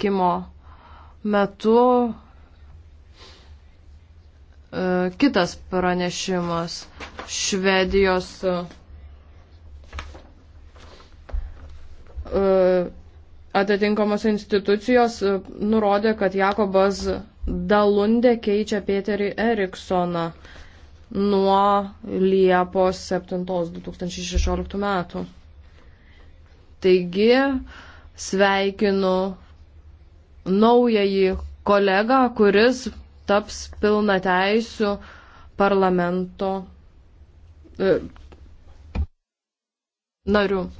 susitikimo metu e, kitas pranešimas Švedijos e, atitinkamos institucijos e, nurodė, kad Jakobas Dalundė keičia Peterį Eriksoną nuo Liepos 7 2016 metų. Taigi, sveikinu naująjį kolegą, kuris taps pilna teisų parlamento e, nariu.